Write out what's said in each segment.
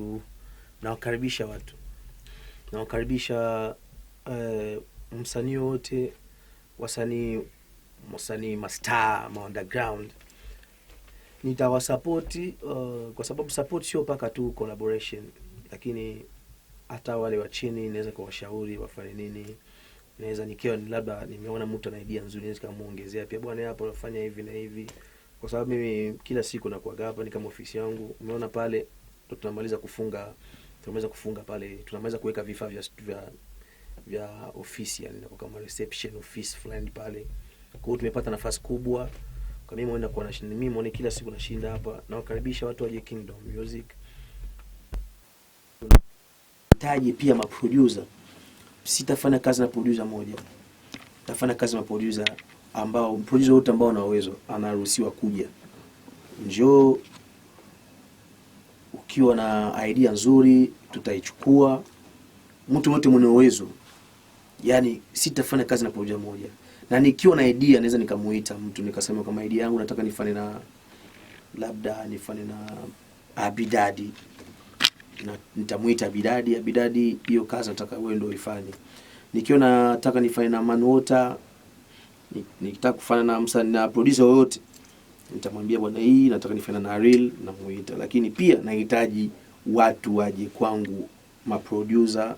watu, nawakaribisha watu, nawakaribisha uh, msanii wote, wasanii wasanii mastaa ma underground nitawasapoti uh, kwa sababu support sio mpaka tu collaboration, lakini hata wale wa chini naweza kuwashauri wafanye nini. Naweza nikiwa labda nimeona mtu ana idea nzuri, naweza kumuongezea pia, bwana, hapo unafanya hivi na hivi, kwa sababu mimi kila siku nakuaga hapa, ni kama ofisi yangu, umeona pale ndo tunamaliza kufunga tunamaliza kufunga pale, tunamaliza kuweka vifaa vya vya vya ofisi yani, na kama reception office fulani pale. Kwa hiyo tumepata nafasi kubwa kwa mimi mwenda kwa nashinda mimi mwone kila siku nashinda hapa, na wakaribisha watu waje Kingdom Music. Tunahitaji pia maproducer, sitafanya kazi na producer moja, tafanya kazi na producer ambao producer wote ambao ana uwezo anaruhusiwa kuja, njoo tukiwa na idea nzuri tutaichukua. Mtu yote mwenye uwezo, yani sitafanya kazi na pamoja moja, na nikiwa na idea naweza nikamuita mtu nikasema, kama idea yangu nataka nifanye na labda nifanye na Abidadi na nitamuita Abidadi, Abidadi, hiyo kazi nataka wewe ndio ifanye. Nikiwa nataka nifanye na manuota nikitaka kufanya na msanii na producer yoyote nitamwambia bwana, hii nataka nifanye na reel, namuita. Lakini pia nahitaji watu waje kwangu, maproducer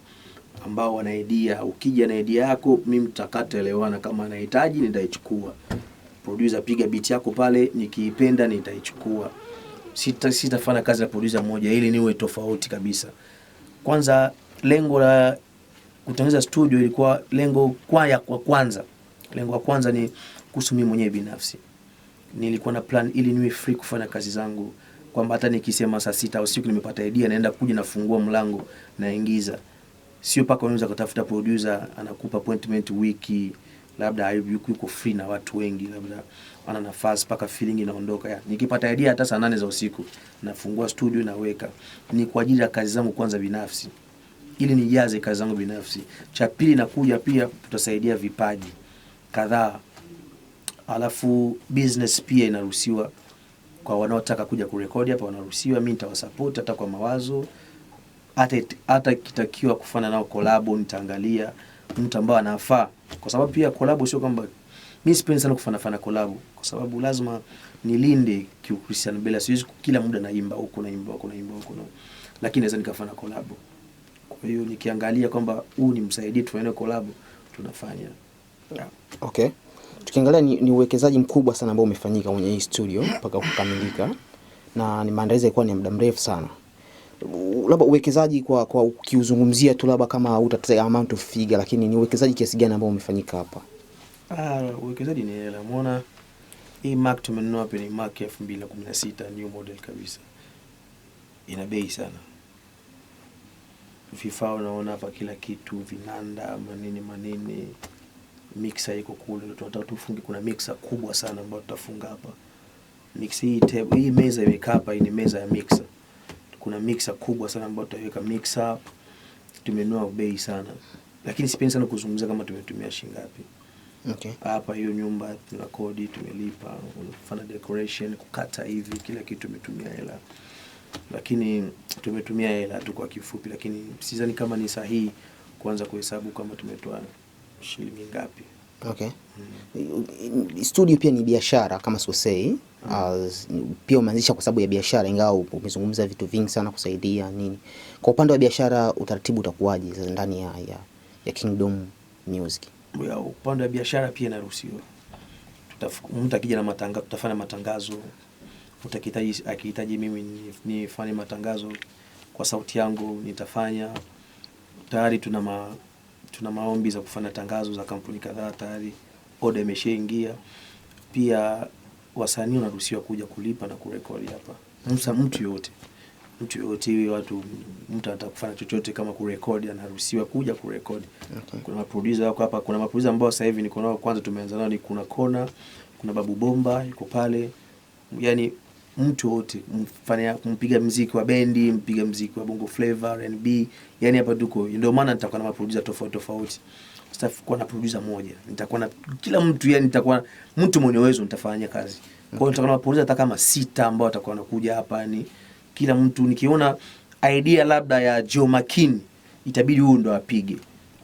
ambao wana idea. Ukija na idea yako, mimi mtakata elewana, kama anahitaji nitaichukua. Producer, piga beat yako pale, nikiipenda nitaichukua. Sita sitafanya kazi na producer mmoja, ili niwe tofauti kabisa. Kwanza lengo la kutengeneza studio ilikuwa lengo kwa ya kwa kwanza lengo la kwanza ni kuhusu mimi mwenyewe binafsi nilikuwa na plan ili niwe free kufanya kazi zangu, kwamba hata nikisema saa sita usiku nimepata idea, naenda kuja nafungua mlango naingiza, sio paka unaweza kutafuta producer anakupa appointment wiki labda yuko free na watu wengi, labda ana nafasi paka feeling inaondoka. Ya, nikipata idea hata saa nane za usiku nafungua studio naweka, ni kwa ajili ya kazi zangu kwanza binafsi, ili nijaze kazi zangu binafsi. Cha pili, nakuja pia tutasaidia vipaji kadhaa alafu business pia inaruhusiwa kwa wanaotaka kuja kurekodi hapa wanaruhusiwa. Mimi nitawasupport hata kwa mawazo, hata hata ikitakiwa kufanya nao collab, nitaangalia mtu ambaye anafaa, kwa sababu pia collab sio kwamba mimi sipendi sana kufanya fana collab, kwa sababu lazima nilinde kiu Christian Bella. Siwezi kila muda naimba huko naimba huko naimba huko na, lakini naweza nikafana collab. Kwa hiyo nikiangalia kwamba huu ni msaidie, tuende collab tunafanya yeah. Okay tukiangalia ni, ni uwekezaji mkubwa sana ambao umefanyika kwenye hii studio mpaka kukamilika na ni maandalizi yalikuwa ni muda mrefu sana. Labda uwekezaji kwa kwa ukiuzungumzia tu labda kama utatetea amount of figure, lakini ni uwekezaji kiasi gani ambao umefanyika hapa? Ah, uwekezaji ni hela. Umeona hii mark tumenunua hapa ni Mac 2016 new model kabisa. Ina bei sana. Vifaa unaona hapa kila kitu, vinanda manini manini mixa iko kule, ndio tunataka tufunge. Kuna mixa kubwa sana ambayo tutafunga hapa mixer hii. Table hii meza imekaa hapa, ni meza ya mixa. Kuna mixa kubwa sana ambayo tutaweka mixa. Tumenua bei sana, lakini sipendi sana kuzungumzia kama tumetumia shilingi ngapi. Okay. Hapa hiyo nyumba tuna kodi tumelipa, kufanya decoration, kukata hivi, kila kitu tumetumia hela, lakini tumetumia hela tu kwa kifupi, lakini sidhani kama ni sahihi kuanza kuhesabu kama tumetoa shilingi ngapi? Okay. Hmm. Studio pia ni biashara kama sosei. Hmm. Pia umeanzisha kwa sababu ya biashara, ingawa umezungumza vitu vingi sana kusaidia nini. Kwa upande wa biashara, utaratibu utakuwaje sasa ndani ya, ya, ya Kingdom Music? Ya upande wa biashara pia inaruhusiwa, mtu akija na matanga, tutafanya matangazo, akihitaji mimi nifanye matangazo kwa sauti yangu nitafanya. Tayari tuna ma tuna maombi za kufanya tangazo za kampuni kadhaa, tayari oda imeshaingia. Pia wasanii wanaruhusiwa kuja kulipa na kurekodi hapa. Msa mtu yoyote mtu yoyote hiwe watu mtu anataka kufanya chochote kama kurekodi anaruhusiwa kuja kurekodi. Okay. Kuna maproducer wako hapa, kuna maproducer ambao sasa hivi niko nao, kwanza tumeanza nao ni kuna Kona, kuna Babu Bomba yuko pale, yani mtu wote, mfanya mpiga mziki wa bendi, mpiga mziki wa bongo flavor, R&B, yani hapa tuko. Ndio maana nitakuwa na maproducer tofauti tofauti, sitakuwa na producer moja, nitakuwa na kila mtu, yani nitakuwa mtu mwenye uwezo, nitafanya kazi kwa hiyo nitakuwa na maproducer hata kama sita ambao watakuwa wanakuja hapa, yani kila mtu nikiona idea labda ya Joe Makini itabidi huyu ndo apige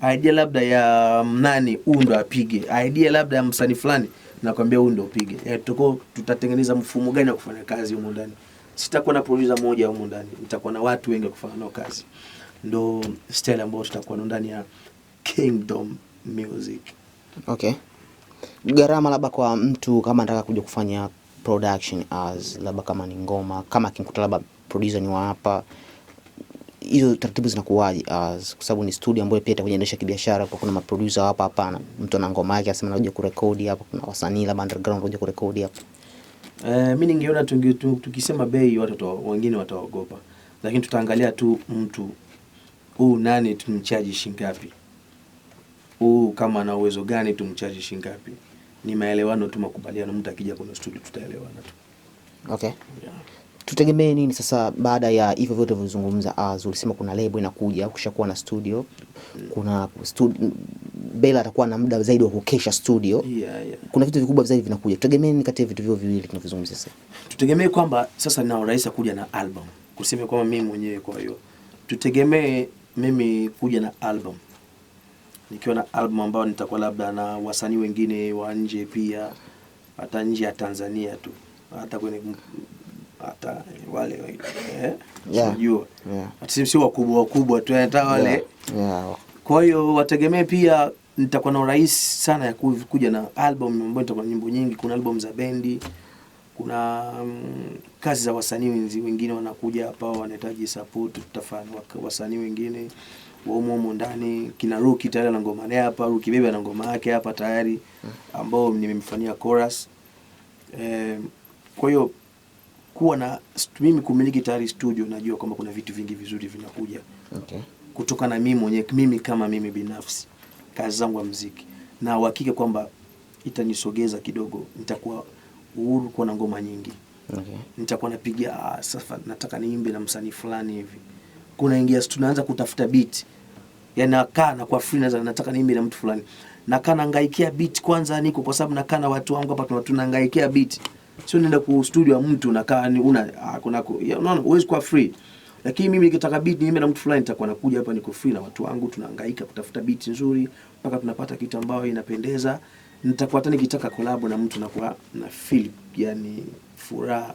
idea labda ya mm, nani, huyu ndo apige idea labda ya msanii fulani, nakwambia huyu ndo upige e, tuko tutatengeneza mfumo gani wa kufanya kazi huko ndani. Sitakuwa na producer mmoja huko ndani, nitakuwa na watu wengi kufanya nao kazi. Ndo style ambayo tutakuwa na ndani ya Kingdom Music. Okay, gharama labda kwa mtu kama anataka kuja kufanya production as labda kama ni ngoma, kama akinikuta labda producer ni wa hapa hizo taratibu zinakuwaje? Ah, kwa sababu ni studio ambayo pia itakuendesha kibiashara, kwa kuna maproducer hapa hapana, mtu ana ngoma yake anasema nakuja kurekodi hapa, kuna wasanii labda underground wanakuja kurekodi hapa. Eh, mimi ningeona tukisema bei watu wengine wataogopa, lakini tutaangalia tu mtu huu nani, tumchaji shingapi, huu kama ana uwezo gani, tumchaji shingapi. Ni maelewano tu, makubaliano. Mtu akija kwenye studio tutaelewana tu. Okay, yeah tutegemee nini sasa baada ya hivyo vyote vilivyozungumza? Azul ah, ulisema kuna lebo inakuja, ukishakuwa na studio, kuna studi, Bela atakuwa na muda zaidi wa kukesha studio. Yeah, yeah. Kuna vitu vikubwa zaidi vinakuja, tutegemee nini kati ya vitu hivyo viwili tunavyozungumza sasa? Tutegemee kwamba sasa na rais kuja na album, kusema kwamba mimi mwenyewe, kwa hiyo tutegemee mimi kuja na album nikiwa na album ambayo nitakuwa labda na wasanii wengine wa nje pia, hata nje ya Tanzania tu, hata kwenye hata wale eh, yeah. yeah. Sio wakubwa wakubwa tu hata wale yeah. Yeah. Kwa hiyo wategemee pia nitakuwa na urahisi sana ya kuja na album ambayo nitakuwa na nyimbo nyingi. Kuna album za bendi, kuna um, kazi za wasanii wenzi wengine wanakuja hapa wanahitaji support, tutafanya wasanii wengine waumo humo ndani kina Ruki tayari ana ngoma naye hapa, Ruki bebe ana ngoma yake hapa tayari, ambao nimemfanyia chorus eh, kwa hiyo kuwa na mimi kumiliki tayari studio, najua kwamba kuna vitu vingi vizuri vinakuja okay. kutoka na mimi mwenyewe, mimi kama mimi binafsi, kazi zangu za muziki, na uhakika kwamba itanisogeza kidogo, nitakuwa uhuru kuwa na ngoma nyingi okay. nitakuwa napiga ah, sasa, nataka niimbe na msanii fulani hivi, kuna ingia tunaanza kutafuta beat, yani nakaa na kwa free, nataka niimbe na mtu fulani, nakaa nangaikia beat kwanza, niko kwa sababu nakaa na watu wangu hapa tunahangaikia beat sio nenda ku studio ya mtu ni una ah, kuna unaona, uwezi kuwa free. Lakini mimi nikitaka beat mimi na mtu fulani, nitakuwa nakuja hapa, niko free na watu wangu, tunahangaika kutafuta beat nzuri mpaka tunapata kitu ambayo inapendeza. Nitakuwa hata nikitaka collab na mtu na kwa na feel yani furaha